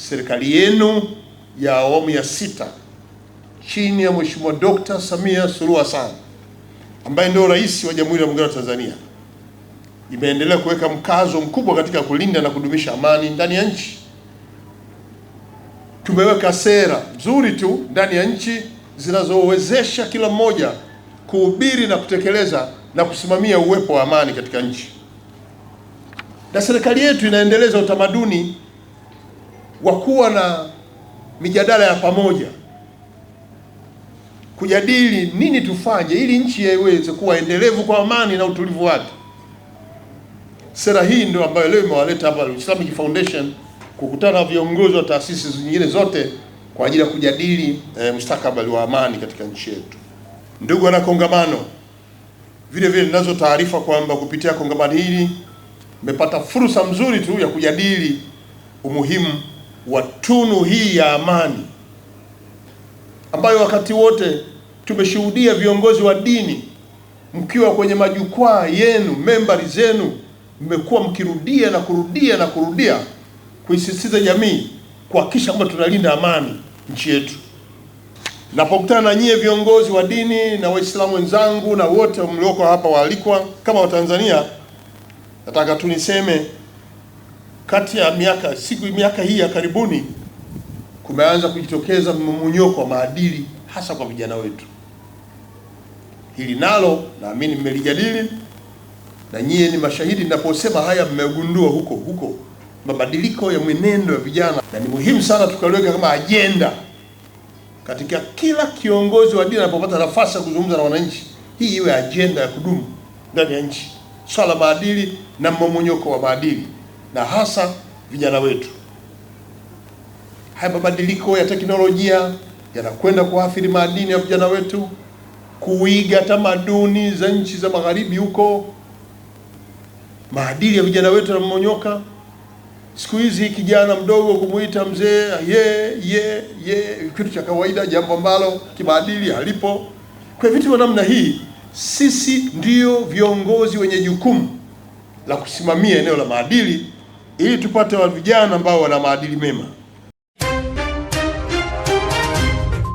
serikali yenu ya awamu ya sita chini ya Mheshimiwa Dkt. Samia Suluhu Hassan ambaye ndio rais wa Jamhuri ya Muungano wa Tanzania imeendelea kuweka mkazo mkubwa katika kulinda na kudumisha amani ndani ya nchi. Tumeweka sera nzuri tu ndani ya nchi zinazowezesha kila mmoja kuhubiri na kutekeleza na kusimamia uwepo wa amani katika nchi, na serikali yetu inaendeleza utamaduni wa kuwa na mijadala ya pamoja kujadili nini tufanye ili nchi iweze kuwa endelevu kwa amani na utulivu wake. Sera hii ndio ambayo leo imewaleta hapa Islamic Foundation kukutana na viongozi wa taasisi zingine zote kwa ajili ya kujadili e, mustakabali wa amani katika nchi yetu. Ndugu wana kongamano, vile vile ninazo taarifa kwamba kupitia kongamano hili mmepata fursa nzuri tu ya kujadili umuhimu wa tunu hii ya amani ambayo wakati wote tumeshuhudia viongozi wa dini mkiwa kwenye majukwaa yenu, membari zenu, mmekuwa mkirudia na kurudia na kurudia kuisisitiza jamii kuhakikisha kwamba tunalinda amani nchi yetu. Napokutana na nyie viongozi wa dini na Waislamu wenzangu na wote mlioko hapa waalikwa, kama Watanzania, nataka tu niseme kati ya miaka siku miaka hii ya karibuni kumeanza kujitokeza mmonyoko wa maadili hasa kwa vijana wetu. Hili nalo naamini mmelijadili na nyie ni mashahidi, ninaposema haya mmegundua huko huko mabadiliko ya mwenendo ya vijana, na ni muhimu sana tukaliweka kama ajenda katika kila kiongozi wa dini anapopata nafasi ya kuzungumza na wananchi, hii iwe ajenda ya kudumu ndani ya nchi, swala maadili na mmomonyoko wa maadili na hasa vijana wetu. Haya mabadiliko ya teknolojia yanakwenda kuathiri maadili ya vijana wetu, kuiga tamaduni za nchi za magharibi huko. Maadili ya vijana wetu yanamonyoka. Siku hizi kijana mdogo kumuita mzee ye ye ye, kitu cha kawaida, jambo ambalo kimaadili halipo. Kwa vitu vya namna hii, sisi ndio viongozi wenye jukumu la kusimamia eneo la maadili ili tupate wa vijana ambao wana maadili mema.